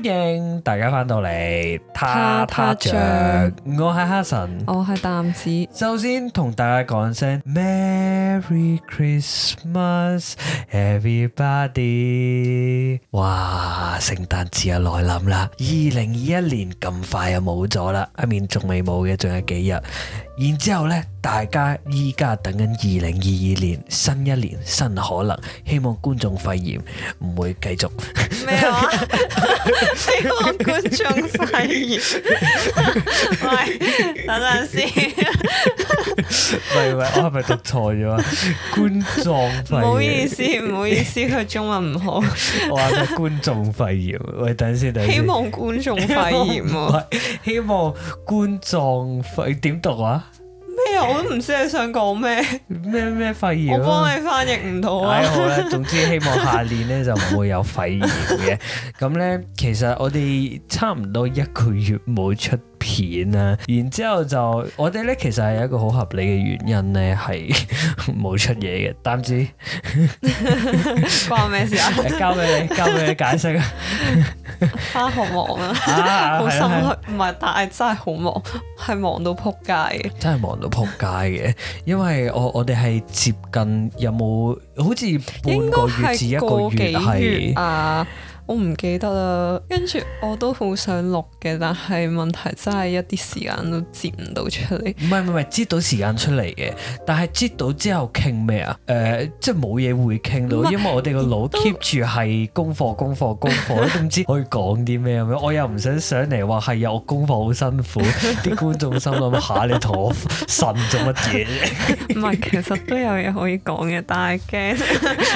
歡迎大家翻到嚟，塔塔長，我係哈臣，我係淡紫。首先同大家講聲 Merry Christmas everybody，哇，聖誕節又來臨啦，二零二一年咁快又冇咗啦，一面仲未冇嘅，仲有幾日。然之後咧，大家依家等緊二零二二年新一年新可能，希望觀眾肺炎唔會繼續。咩話？希望觀眾肺炎，喂，等陣先，喂，喂，我係咪讀錯咗？觀眾肺炎，唔好意思，唔好意思，佢中文唔好。我話佢觀眾肺炎，喂，等陣先，等希望觀眾肺炎，唔係，希望觀眾肺炎點讀啊？我都唔知你想講咩，咩咩肺炎，我幫你翻譯唔到啊。總之希望下年咧就唔會有肺炎嘅。咁咧 其實我哋差唔多一個月冇出片啦、啊，然之後就我哋咧，其實係有一個好合理嘅原因咧，係冇 出嘢嘅，但係唔關我咩事啊？ 交俾你，交俾你解釋 啊！翻學忙啊，好辛苦，唔係，但係真係好忙，係忙到撲街嘅， 真係忙到撲街嘅，因為我我哋係接近有冇好似半個月至一個月係啊。我唔記得啦，跟住我都好想錄嘅，但係問題真係一啲時間都擠唔到出嚟。唔係唔係擠到時間出嚟嘅，但係擠到之後傾咩啊？誒，即係冇嘢會傾到，因為我哋個腦 keep 住係功課功課功課，都唔知可以講啲咩咁樣。我又唔想上嚟話係有功課好辛苦，啲觀眾心諗嚇你同我呻做乜嘢啫？唔係，其實都有嘢可以講嘅，但係驚。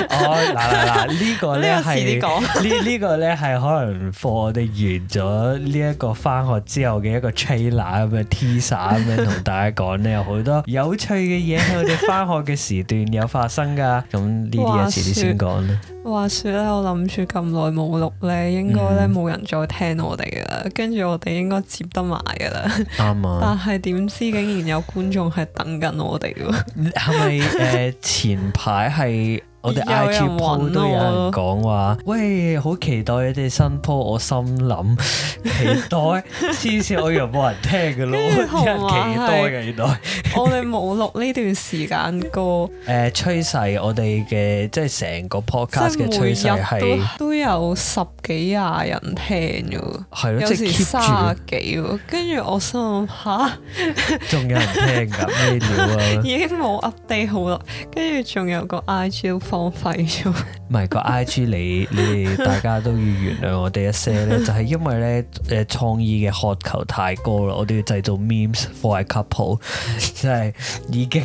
哦嗱嗱嗱，呢個咧係呢呢呢個。呢個咧係可能課我哋完咗呢一個翻學之後嘅一個 trailer 咁嘅 teaser 咁樣同大家講咧，有好多有趣嘅嘢喺我哋翻學嘅時段有發生噶。咁呢啲嘢遲啲先講啦。話説咧，我諗住咁耐冇錄咧，應該咧冇人再聽我哋噶啦。跟住、嗯、我哋應該接得埋噶啦。啱啊、嗯！但係點知竟然有觀眾係等緊我哋喎？係咪誒前排係？我哋 I G 鋪都有人講話，喂，好期待你哋新鋪，我心諗期待，黐線，我以為冇人聽噶咯，著有人期待期待。我哋冇錄呢段時間歌，誒，趨勢我哋嘅即係成個 Podcast 嘅趨勢係都有十幾廿人聽嘅，係咯了，有時卅幾，跟住我心諗吓，仲有人聽噶咩料啊？ 已經冇 update 好啦，跟住仲有個 I G。浪費咗，唔係個 IG 你你哋大家都要原諒我哋一些咧，就係、是、因為咧誒創意嘅渴求太高啦，我哋要製造 memes for a couple，即 係已經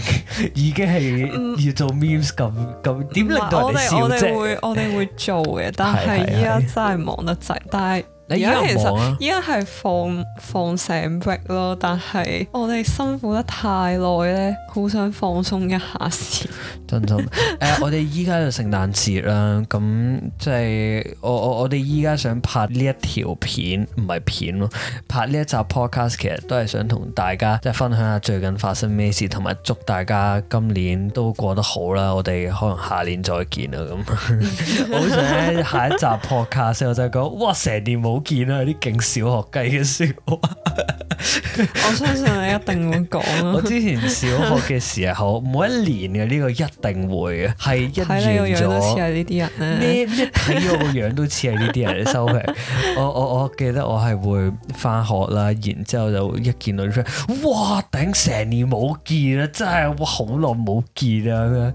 已經係要做 memes 咁咁點令到人笑呢、嗯、我哋我哋我哋會做嘅，但係依家真係忙得滯，但係。而家其實依家係放放醒 break 咯，但係我哋辛苦得太耐咧，好想放鬆一下先。真心誒，我哋依家就聖誕節啦，咁即係我我我哋依家想拍呢一條片，唔係片咯，拍呢一集 podcast 其實都係想同大家即係分享下最近發生咩事，同埋祝大家今年都過得好啦。我哋可能下年再見啦，咁好 想喺下一集 podcast 我就係講，哇！成年冇～見啊啲勁小學雞嘅笑話， 我相信你一定會講啦。 我之前小學嘅時候，每一年嘅呢個一定會嘅，係一完咗。呢、啊、一睇個樣都似係呢啲人呢，一睇個樣都似係呢啲人收皮。 我我我記得我係會翻學啦，然之後就一見到啲 friend，哇頂，成年冇見啊，真係哇好耐冇見啊咁樣。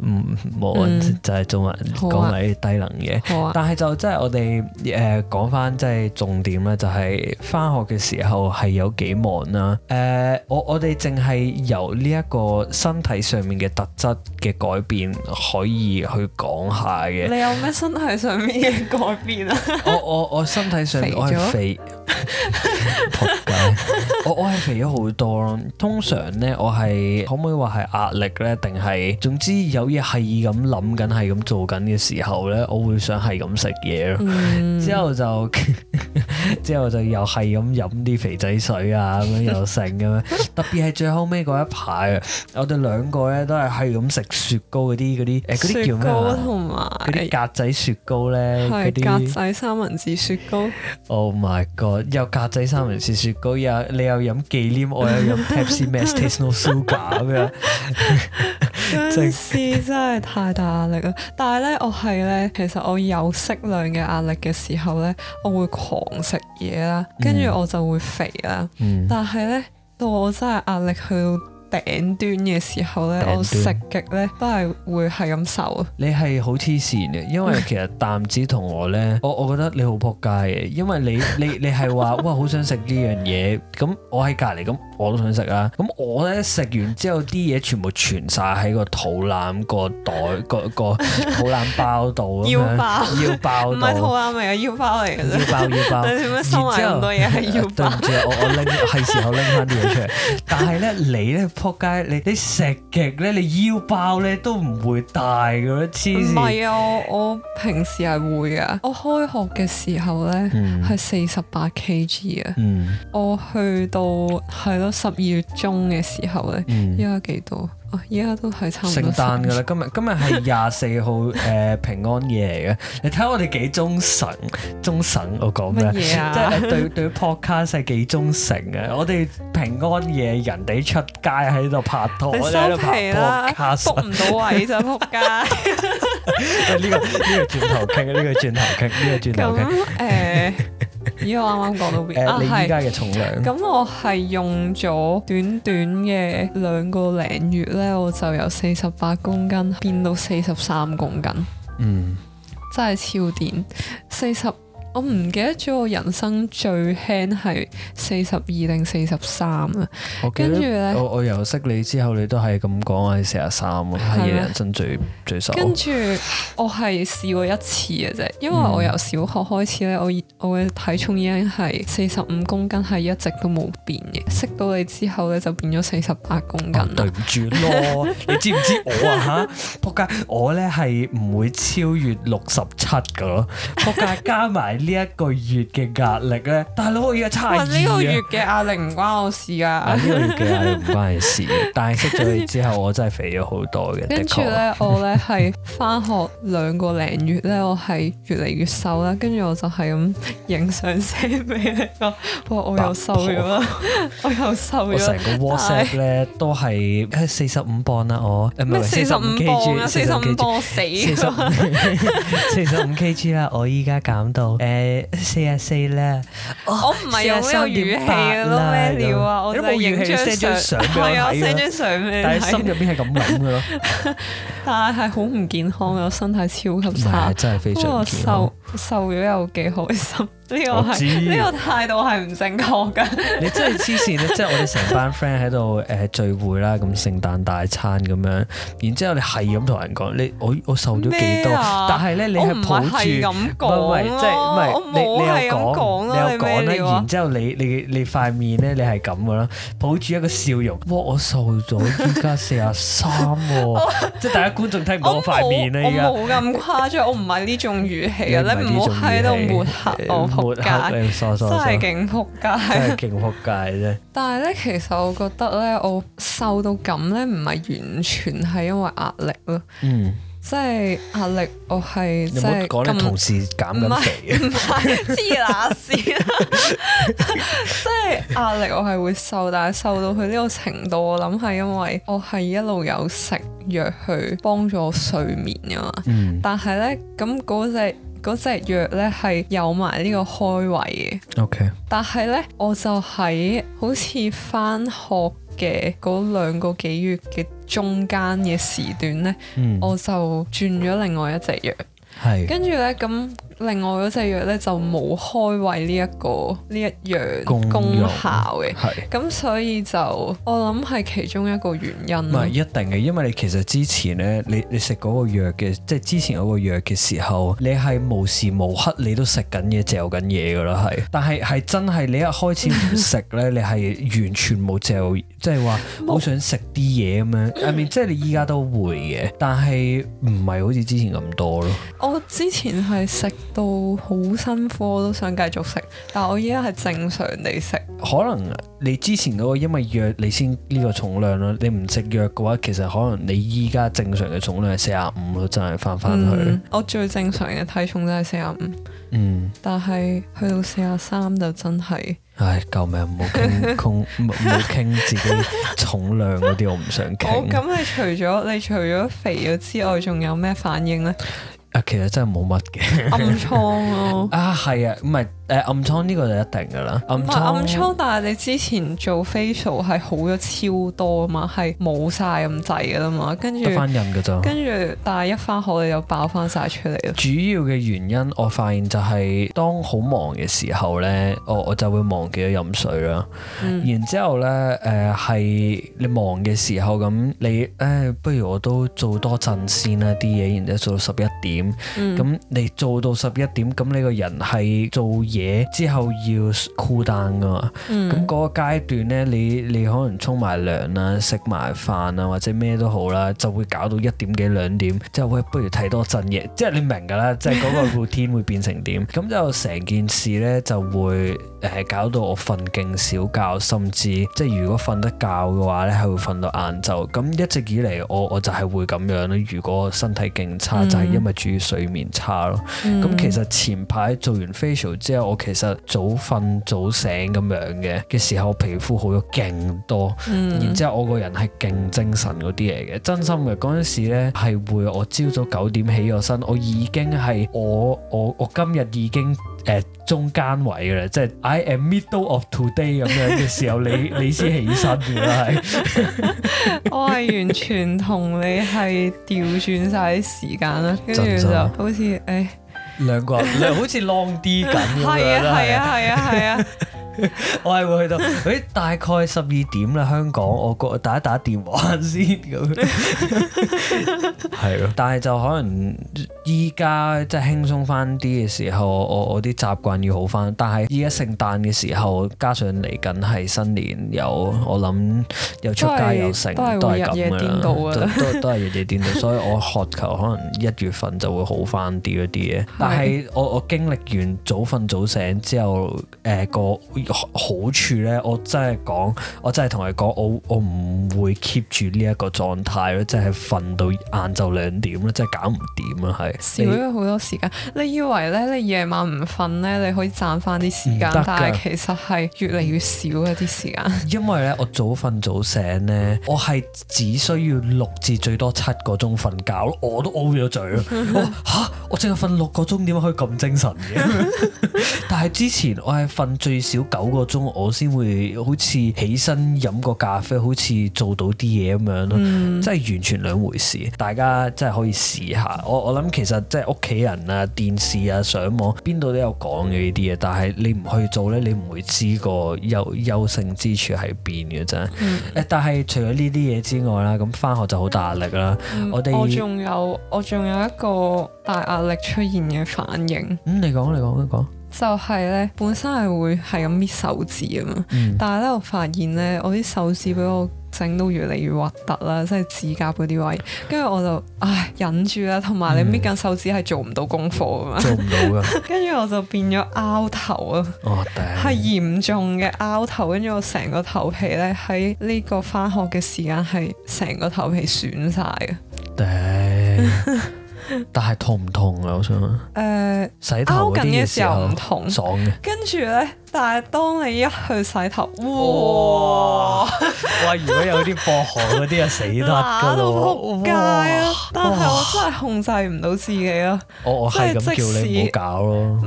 嗯，冇就係中文講埋啲低能嘢。啊、但係就真係我哋誒講。呃翻即係重點咧，就係翻學嘅時候係有幾忙啦、啊。誒、呃，我我哋淨係由呢一個身體上面嘅特質嘅改變可以去講下嘅。你有咩身體上面嘅改變啊？ 我我我身體上面 肥咗了我係肥。仆街， 我我係肥咗好多咯。通常呢，我係可唔可以話係壓力呢？定係總之有嘢係咁諗緊，係咁做緊嘅時候呢，我會想係咁食嘢咯。嗯、之後就。 之後就又係咁飲啲肥仔水啊，咁樣又剩咁樣，樣 特別係最後尾嗰一排，啊，我哋兩個咧都係係咁食雪糕嗰啲嗰啲，誒嗰啲叫咩？雪糕同埋嗰啲格仔雪糕咧，係是些格仔三文治雪糕。Oh my god！又格仔三文治雪糕，又你又飲忌廉，我又飲 Pepsi Max taste no sugar 咁樣， 真係真係太大壓力啦！但係咧，我係咧，其實我有適量嘅壓力嘅時候咧，我會狂。食嘢啦，跟住我就會肥啦。嗯、但係呢，到我真係壓力去到頂端嘅時候呢，端我食極呢都係會係咁瘦。你係好黐線嘅，因為其實淡紫同我呢， 我我覺得你好撲街嘅，因為你你你係話哇好想食呢樣嘢，咁 我喺隔離咁。我都想食啊。咁我咧食完之後啲嘢全部存晒喺個肚腩個袋個肚腩包度，腰包腰包，唔係肚腩嚟啊，腰包嚟嘅，腰包腰包。你點解收埋咁多嘢喺腰包？對唔住，我我拎係時候拎翻啲嘢出嚟。但係咧，你咧撲街，你你食極咧，你腰包咧都唔會大噶，黐線。唔係啊，我平時係會噶。我開學嘅時候咧係四十八 kg 啊，我去到係咯。十二月中嘅時候咧，依家幾多？依家都係差唔多。聖誕噶啦，今，今日今日係廿四號，誒、呃、平安夜嚟嘅。你睇下我哋幾忠誠，忠誠我講咩？啊、即係對對 podcast 係幾忠誠嘅。嗯、我哋平安夜人哋出街喺度拍拖，我喺度拍 podcast，啊，撲唔到位就撲街。呢 呃這個呢、這個這個轉頭傾，呢、這個轉頭傾，呢、這個這個轉頭傾。咁咦， 我啱啱講到邊？呃、啊，你依家嘅重量。咁我係用咗短短嘅兩個零月咧，我就由四十八公斤變到四十三公斤。公斤，嗯、真，真係超掂！四十。我唔記得咗我人生最輕係四十二定四十三啊！跟住咧，我我由識你之後你，你都係咁講係四十三啊！係人生最對 最瘦受。跟住我係試過一次嘅啫，因為我由小學開始咧，我我嘅體重已經係四十五公斤，係一直都冇變嘅。識到你之後咧，就變咗四十八公斤，哦。對唔住咯， 你知唔知我啊？嚇！仆街，我咧係唔會超越六十七嘅咯。仆街，加埋。 呢一個月嘅壓力咧，大佬我而家太熱啊！呢個月嘅壓力唔關我事啊！呢個月嘅壓力唔關你事，但係識咗你之後，我真係肥咗好多嘅。跟住咧，我咧係翻學兩個零月咧，我係越嚟越瘦啦。跟住我就係咁影相寫俾你講，哇！我又瘦咗，我又瘦咗。我成個 WhatsApp 咧都係四十五磅啦，我唔係四十五 Kg 啊，四十五磅死，四十五 Kg 啦，我依家減到四啊四咧，我唔係好有語氣咯，咩料啊，我都冇影張相，係啊，send 張相咩？但係心入邊係咁諗嘅咯。但係好唔健康啊！身體超級差，真係非常瘦，瘦咗又幾開心，呢個係呢個態度係唔正確㗎。你真係黐線，即係我哋成班 friend 喺度誒聚會啦，咁聖誕大餐咁樣，然之後你係咁同人講你我我瘦咗幾多？但係咧你係抱住，唔係即係唔係你你又講你又講咧？然之後你你你塊面咧你係咁㗎啦，抱住一個笑容。哇！我瘦咗，依家四啊三，即係大家。觀眾睇唔到我塊面呢？而家我冇咁誇張，我唔係呢種語氣啊！ 你唔好喺度抹黑我，撲街 真係勁撲街，真係勁撲街啫！但係咧，其實我覺得咧，我瘦到咁咧，唔係完全係因為壓力咯。嗯。即係壓力我，我係即係咁。唔係唔係，知哪事？即係壓力，我係會瘦，但係瘦到佢呢個程度，我諗係因為我係一路有食藥去幫助睡眠噶嘛。嗯、但係呢，咁嗰隻嗰隻藥呢係有埋呢個開胃嘅。OK。但係呢，我就喺好似返學嘅嗰兩個幾月嘅中間嘅時段呢，嗯、我就轉咗另外一隻藥，跟住是的 呢咁。另外嗰隻藥咧就冇開胃呢一個呢一樣功效嘅，咁是所以就我諗係其中一個原因。唔係一定嘅，因為你其實之前咧，你你食嗰個藥嘅，即係之前嗰個藥嘅時候，你係無時無刻你都食緊嘢嚼緊嘢㗎喇，係。但係係真係你一開始唔食咧， 你係完全冇嚼，就是、 I mean, 即係話好想食啲嘢咁樣。係咪即係你依家都會嘅？但係唔係好似之前咁多咯？我之前係食。到好辛苦，我都想繼續食，但我依家係正常地食。可能你之前嗰個因為藥，你先呢個重量咯。你唔食藥嘅話，其實可能你依家正常嘅重量係四十五咯，真係翻翻去。我最正常嘅體重真係四十五。嗯，但係去到四十三就真係。唉，救命！唔好傾，唔好傾自己重量嗰啲，我唔想傾。咁你除咗你除咗肥咗之外，仲有咩反應呢？啊，其實真係冇乜嘅暗瘡咯啊，係 啊，唔係、啊。呃、暗瘡呢個就一定㗎啦，暗瘡。暗瘡但係你之前做 facial 係好咗超多啊嘛，係冇晒咁滯㗎啦嘛，跟住得翻印嘅啫。跟住，但係一翻好你就，你又爆翻晒出嚟。主要嘅原因，我發現就係當好忙嘅時候呢，我我就會忘記咗飲水啦。嗯、然之後呢，誒、呃、係你忙嘅時候咁，你誒不如我都做多陣先啦啲嘢，然之後做到十一點。咁、嗯、你做到十一點，咁你個人係做嘢。嘢之後要 cooldown 噶嘛，咁嗰、嗯、個階段呢，你你可能沖埋涼啦、食埋飯啊，或者咩都好啦，就會搞到一點幾兩點，之後喂，不如睇多陣嘢，即、就、係、是、你明㗎啦，即係嗰個天 會變成點，咁就成件事呢，就會。誒搞到我瞓勁少覺，甚至即係如果瞓得覺嘅話咧，係會瞓到晏晝。咁一直以嚟，我我就係會咁樣咯。如果身體勁差，嗯、就係因為注意睡眠差咯。咁、嗯、其實前排做完 facial 之後，我其實早瞓早醒咁樣嘅嘅時候，皮膚好咗勁多，嗯、然之後我個人係勁精神嗰啲嚟嘅，真心嘅嗰陣時咧係會我朝早九點起咗身，我已經係我我我今日已經。誒，中間位嘅啦，即、就、係、是、I am middle of today 咁樣嘅時候， 你你先起身嘅啦，係。 我係完全同你係調轉曬時間啦，跟住就好似誒，哎、兩個 好似 long 啲咁樣 係啊，係啊，係啊，係啊。 我係會去到，誒、哎、大概十二點啦，香港，我個打一打電話先咁，係咯， 但係就可能依家即係輕鬆翻啲嘅時候，我我啲習慣要好翻，但係依家聖誕嘅時候，加上嚟緊係新年有，有我諗又出街又剩，都係咁噶都都係日夜顛倒，所以我渴求可能一月份就會好翻啲嗰啲嘢， 但係我我經歷完早瞓早醒之後，誒、呃、個。 好處咧，我真係講，我真係同你講，我我唔會 keep 住呢一個狀態咯，即係瞓到晏晝兩點咯，真係搞唔掂啊，係少咗好多時間。你，你以為咧，你夜晚唔瞓咧，你可以賺翻啲時間，但係其實係越嚟越少一啲時間。因為咧，我早瞓早醒咧，我係只需要六至最多七個鐘瞓覺，我都 O 咗嘴我吓，我淨係瞓六個鐘，點可以咁精神嘅？ 但係之前我係瞓最少。九個鐘我先會好似起身飲個咖啡，好似做到啲嘢咁樣咯，啊，嗯、真係完全兩回事。大家真係可以試下。我我諗其實即係屋企人啊、電視啊、上網邊度都有講嘅呢啲嘢，但係你唔去做呢，你唔會知個優優勝之處喺邊嘅真係。嗯、但係除咗呢啲嘢之外啦，咁返學就好大壓力啦，嗯們。我哋我仲有，我仲有一個大壓力出現嘅反應。嗯，你講你講你講。就係咧，本身係會係咁搣手指㗎嘛，嗯、但係咧我發現咧，我啲手指俾我整到越嚟越核突啦，即係指甲嗰啲位，跟住我就唉忍住啦，同埋你搣緊手指係做唔到功課㗎嘛，嗯、做唔到㗎，跟住 我就變咗拗頭啊，係嚴、哦、重嘅拗頭，跟住我成個頭皮咧喺呢個返學嘅時間係成個頭皮損晒。啊，Dang. 但係痛唔痛啊？我想問，誒，洗頭緊嘅時候唔痛，爽嘅、呃。跟住咧，但係當你一去洗頭，哇！哇！ 如果有啲薄汗嗰啲啊，死得噶咯，嚇到扑街啊！但係哇、哦、我真係控制唔到自己咯，我我係咁叫你唔好搞咯。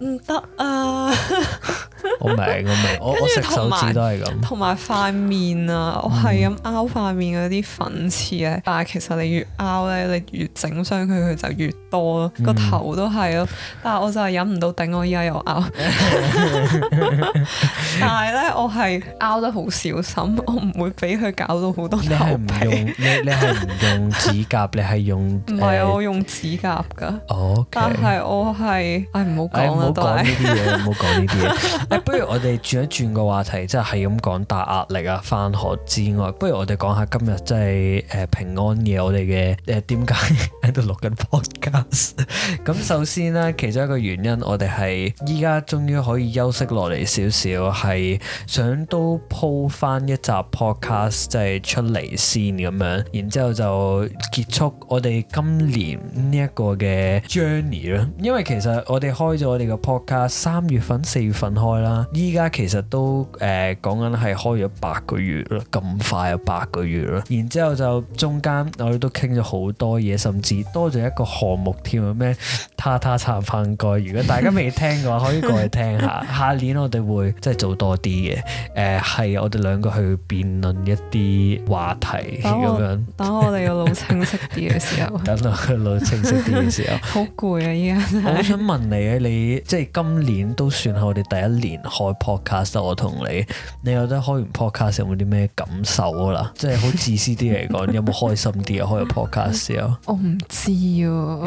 唔得啊， 我！我明我明，我食手指都係咁，同埋塊面啊！我係咁撓塊面嗰啲粉刺咧，嗯、但係其實你越撓咧，你越整傷佢，佢就越～個、嗯、頭都係咯，但係我就係忍唔到頂，我依家又拗， 但係咧我係拗得好小心，我唔會俾佢搞到好多頭皮。你 你係唔用指甲？你係用唔係是、呃、我用指甲噶，Okay. 但係我係唉唔好講啦都係。唔好講呢啲嘢，唔好講呢啲嘢。不如我哋轉一轉個話題，即係係咁講大壓力啊，翻學之外，不如我哋講下今日即係誒平安夜，我哋嘅誒點解喺度錄緊 p 咁 首先咧，其中一個原因我，我哋係依家終於可以休息落嚟少少，係想都鋪翻一集 podcast 即係出嚟先咁樣，然之後就結束我哋今年呢一個嘅 journey 啦。因為其實我哋開咗我哋個 podcast，三月份、四月份開啦，依家其實都誒講緊係開咗八個月啦，咁快又八個月啦。然之後就中間我哋都傾咗好多嘢，甚至多咗一個項目。木添啊？咩？他他唱翻歌，如果大家未聽過嘅話，可以過去聽下。 下年我哋會即係做多啲嘅。誒、呃，係我哋兩個去辯論一啲話題咁我樣。等我哋個腦清晰啲嘅時候。 等我個腦清晰啲嘅時候。 好攰啊！依家。我想問你啊，你即係今年都算係我哋第一年開 podcast，我同你，你覺得開完 podcast 有冇啲咩感受啊？啦，即係好自私啲嚟講，有冇開心啲啊？開個 podcast 時候。 我唔知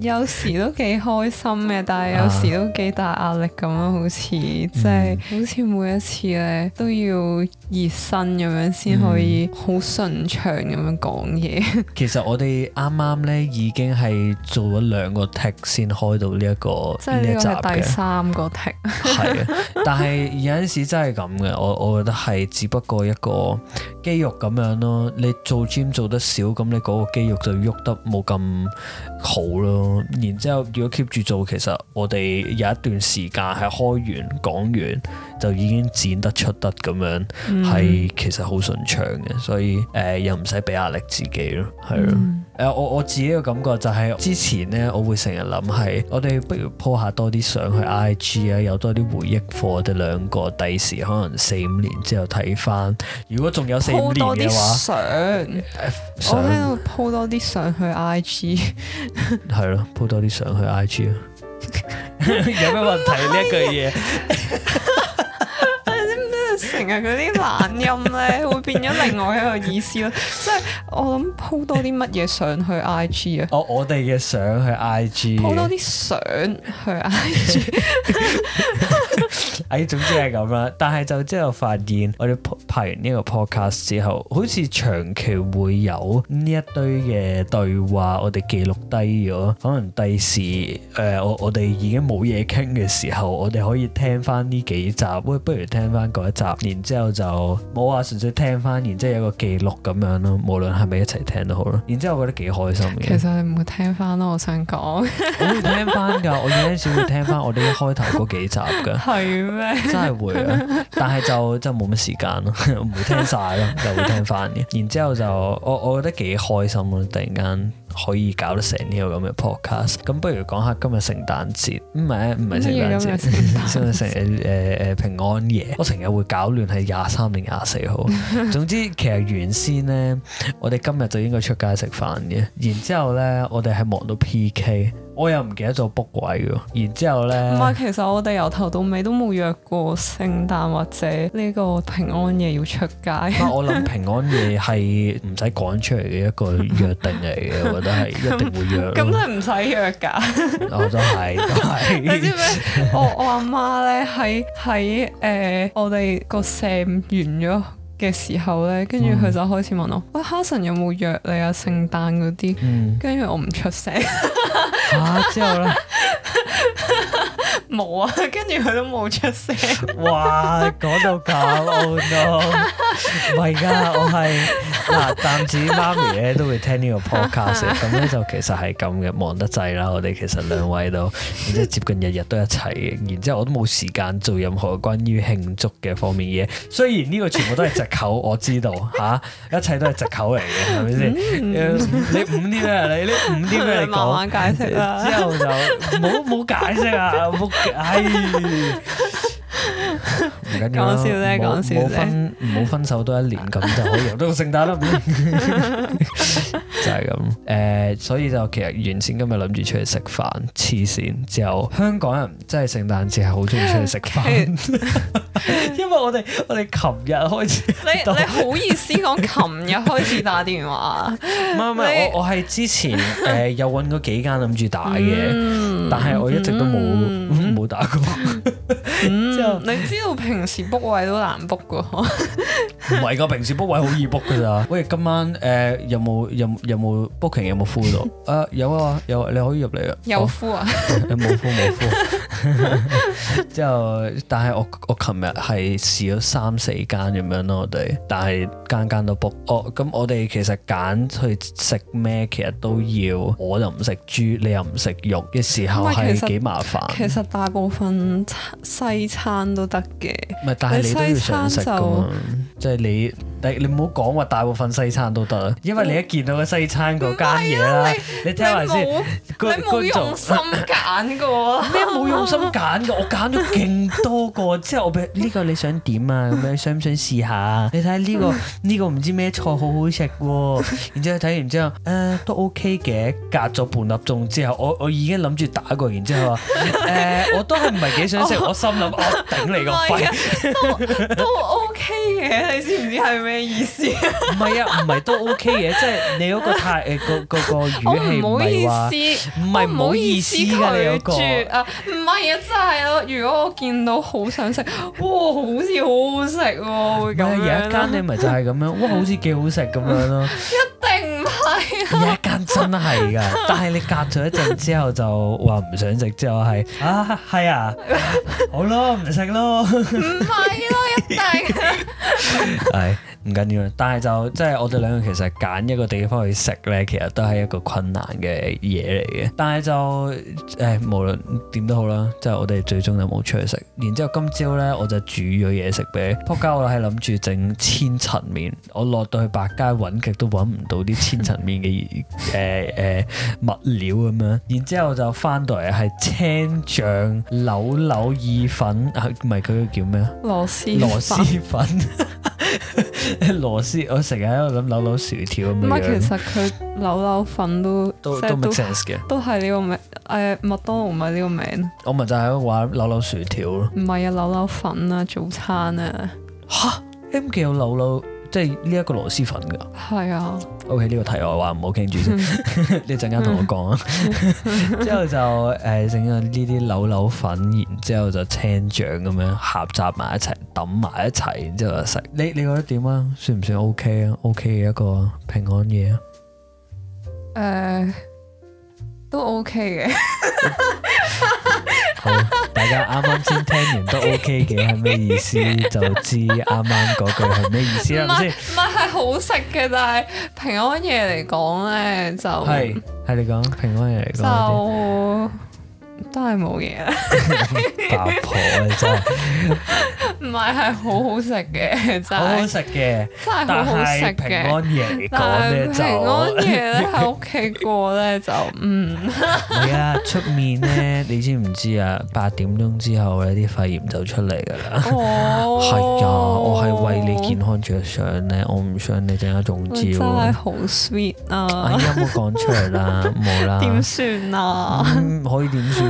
有時都幾開心嘅，但係有時都幾大壓力咁樣，好似即係好似每一次咧都要熱身咁樣先可以好順暢咁樣講嘢。其實我哋啱啱咧已經係做咗兩個踢先開到呢、這、一個呢一集嘅，即係呢個係第三個踢。係啊， 但係有陣時真係咁嘅。我我覺得係只不過一個肌肉咁樣咯。你做 gym 做得少咁，那你嗰個肌肉就喐得冇咁好咯。然之後，如果 keep 住做，其實我哋有一段時間係開完講完，就已經剪得出得咁樣，係其實好順暢嘅，所以誒、呃、又唔使俾壓力自己咯，係咯。Mm hmm. 誒我、呃、我自己嘅感覺就係之前咧，我會成日諗係我哋不如 po 下多啲相去 IG 啊，有多啲回憶 for 我哋兩個，第時可能四五年之後睇翻，如果仲有四五年嘅話，po 多我喺度 po 多啲相去 IG，係咯 po 多啲相去 IG 啊， 有咩問題呢是一句嘢？ 嗰啲懶音咧，會變咗另外一個意思咯。即 係我諗鋪多啲乜嘢上去 IG 啊？我我哋嘅上去 IG 鋪多啲相去 IG。 唉，總之係咁啦。但係就之後發現，我哋拍完呢個 podcast 之後，好似長期會有呢一堆嘅對話，我哋記錄低咗。可能第時誒，我我哋已經冇嘢傾嘅時候，我哋可以聽翻呢幾集。喂、哎，不如聽翻嗰一集，然之後就冇話純粹聽翻，然之後有個記錄咁樣咯。無論係咪一齊聽都好啦。然之後我覺得幾開心嘅。其實你唔會聽翻咯，我想講。 我會聽翻㗎，我有陣時會聽翻我哋開頭嗰幾集㗎。係咩 真係會啊，但係就真係冇乜時間咯，唔 會聽晒咯，就會聽翻嘅。然之後就我我覺得幾開心咯，突然間可以搞得成呢個咁嘅 podcast。咁不如講下今日聖誕節，唔係唔係聖誕節，先係成誒誒平安夜。 我成日會搞亂係廿三定廿四號。 總之其實原先咧，我哋今日就應該出街食飯嘅。然之後咧，我哋係忙到 PK。我又唔記得咗 book 鬼喎，然之後呢，唔係其實我哋由頭到尾都冇約過聖誕或者呢個平安夜要出街。嗯、我諗平安夜係唔使講出嚟嘅一個約定嚟嘅，我覺得係 一定會約。咁 都係唔使約㗎，我都係。你知唔知？我我阿媽呢，喺喺誒我哋個 set 完咗嘅時候呢，跟住佢就開始問我，嗯、喂哈臣有冇約你啊？聖誕嗰啲，跟住、嗯、我唔出聲。 啊、之後咧，冇 啊，跟住佢都冇出聲。 哇，講到假咯都，唔係噶，我係。嗱，淡紫、啊、媽咪咧都會聽呢個 podcast，咁咧 就其實係咁嘅，忙得滯啦。我哋其實兩位都，然係接近日日都一齊嘅。然之後我都冇時間做任何關於慶祝嘅方面嘢。雖然呢個全部都係藉口， 我知道嚇、啊，一切都係藉口嚟嘅，係咪先？你五點啊？你呢五點嚟講？慢慢解釋 之後就冇冇解釋啊！唉。唔緊要啦，講笑啫，講笑，唔好分，唔好分手多一年，咁就好可以到聖誕啦， 就係咁。誒、uh,，所以就其實原先今日諗住出去食飯，黐線。之後香港人真係聖誕節係好中意出去食飯，是 因為我哋我哋琴日開始，你時你好意思講琴日開始打電話？唔係唔係，你我我係之前誒有搵過幾間諗住打嘅，嗯、但係我一直都冇冇、嗯、 打過，過。嗯，你知道平時 book 位都難 book 噶，唔係噶，平時 book 位好易 book 噶咋？喂，今晚誒有冇有有冇 booking 有冇 full 度？誒有啊有，你可以入嚟啊，有 full 啊，有冇 full 冇 full。之後， 但係我我琴日係試咗三四間咁樣咯，我哋，但係間間都 book。哦，咁我哋其實揀去食咩？其實都要，我又唔食豬，你又唔食肉嘅時候係幾麻煩。其實大部分西餐都得嘅，唔係，但係你都要想食㗎嘛，西餐就即係你。你唔好講話大部分西餐都得啊，因為你一見到個西餐嗰間嘢啦，你聽埋先，佢佢用心揀噶喎，咩冇用心揀噶？我揀咗勁多個，即係我俾呢個你想點啊？咁你想唔想試下，你睇下呢個呢個唔知咩菜好好食喎，然之後睇完之後，誒都 OK 嘅，隔咗半粒鐘之後，我我已經諗住打過，然之後話誒我都係唔係幾想食，我心諗我頂你個肺，都都 OK 嘅，你知唔知係咩意思？唔係啊，唔係都 OK 嘅，即係你嗰個太誒嗰嗰個語氣唔好意思，唔唔好意思拒絕啊，唔係、嗰個、啊，真係咯。如果我見到好想食，哇，好似好好食喎，會咁樣有一間你咪就係咁樣，哇，好似幾好食咁樣咯，啊。 一定唔係啊。 啊、真係噶，但係你隔咗一陣之後就話唔想食，之後係啊係 啊，好咯，唔食咯， 咯，唔係咯，一定係、 哎。唔緊要啦，但係就即係我哋兩個其實揀一個地方去食呢，其實都係一個困難嘅嘢嚟嘅。但係就誒無論點都好啦，即係我哋最終就冇出去食。然之後今朝呢，我就煮咗嘢食俾你仆街，我係諗住整千層麵。我落到去百佳揾極都揾唔到啲千層麵嘅誒誒物料咁樣。然之後就返到嚟係青醬柳柳意粉，唔係，佢叫咩？螺絲粉。絲 螺絲， 我成日喺度諗扭扭薯條。唔係，其實佢扭扭粉都 都是都嘅，都係呢 sense 個名，誒、哎、麥當勞唔係呢個名。我咪就喺度話扭扭薯條咯。唔係啊，扭扭粉啊，早餐啊。吓，M 記有扭扭。K L L L 即係呢一個螺螄粉噶，係啊。O K 呢個題外話唔好傾住先， 你陣間同我講啊。 之後就誒整下呢啲扭扭粉，然之後就青醬咁樣合雜埋一齊，揼埋一齊，然之後就食。你你覺得點、OK、啊？算唔算 O K 啊？O K 嘅一個平安夜啊？誒、uh, OK，都 O K 嘅。大家啱啱先聽完都 OK 嘅，係咩 意思？就知啱啱嗰句係咩意思啦？唔係唔係係好食嘅，但係平安夜嚟講咧就係係你講平安夜嚟講就。都係冇嘢啦，八婆你真係唔係係好好食嘅，真係好好食嘅，真係好食嘅。但係平安夜過咩？就，平安夜喺屋企過咧就唔。係啊，出面咧你知唔知啊？八點鐘之後咧啲肺炎就出嚟㗎喇。係啊，我係為你健康着想咧，我唔想你陣間中招。真係好 sweet 啊！依家冇講出嚟啦，冇啦。點算啊？可以點算？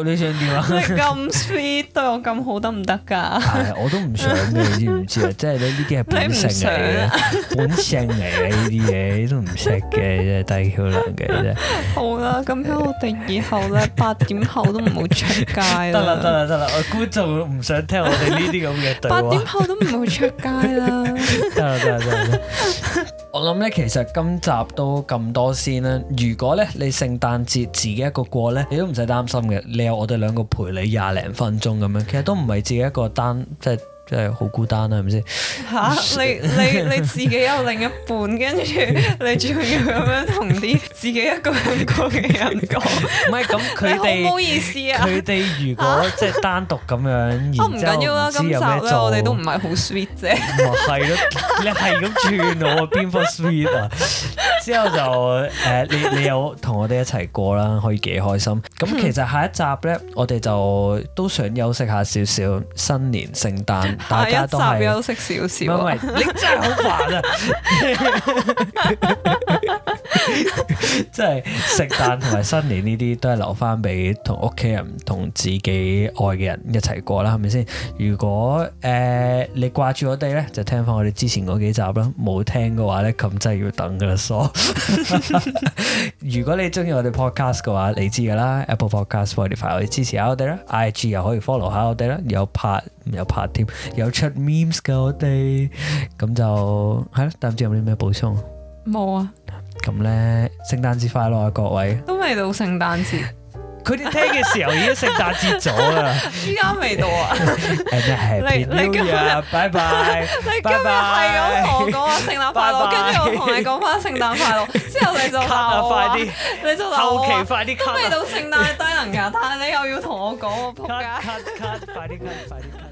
你想點啊？咁 sweet 對我咁好得唔得噶？係、 哎，我都唔想嘅，你知唔知啊？即係你呢啲係本性嚟嘅，本性嚟嘅呢啲嘢，都唔識嘅，真係低能量嘅啫。好啦，咁樣我哋以後咧八點後都唔好出街啦。得啦得啦得啦，觀眾唔想聽我哋呢啲咁嘅對話。八點後都唔好出街啦。得啦得啦得啦。我諗咧，其實今集都咁多先啦。如果咧你聖誕節自己一個過咧，你都唔使擔心嘅。你有我哋兩個陪你廿零分鐘咁樣，其實都唔係自己一個單即係。即係真係好孤單啊，係咪先？嚇！你你你自己有另一半，跟住你仲要咁樣同啲自己一個人過嘅人講，唔係咁佢哋好冇意思啊！佢哋如果即係單獨咁樣，都唔緊要啦。咁有咩做？我哋都唔係好 sweet 啫。唔係咯，你係咁轉我邊方 sweet 啊？之後就誒，你你有同我哋一齊過啦，可以幾開心。咁其實下一集咧，我哋就都想休息下少少，新年聖誕。大家都一集休息少少，你真係好煩啊！即係聖誕同埋新年呢啲都係留翻俾同屋企人同自己愛嘅人一齊過啦，係咪先？如果誒、呃、你掛住我哋咧，就聽翻我哋之前嗰幾集啦。冇聽嘅話咧，咁真係要等噶啦，sorry。 如果你中意我哋 podcast 嘅話，你知㗎啦，Apple Podcasts, Spotify，啦，可以支持下我哋啦，IG 又可以 follow 下我哋啦，有拍。有拍添，有出 memes 噶我哋，咁就係啦。但唔知有冇啲咩補充？冇啊。咁咧，聖誕節快樂啊各位！都未到聖誕節，佢哋聽嘅時候已經聖誕節咗啦。依家未到啊？Happy New Year！拜拜。你今日係我講啊，聖誕快樂。跟住我同你講翻聖誕快樂，之後你就鬧我啊！你仲鬧我？後期快啲！都未到聖誕低能噶，但係你又要同我講我撲街。快啲快啲！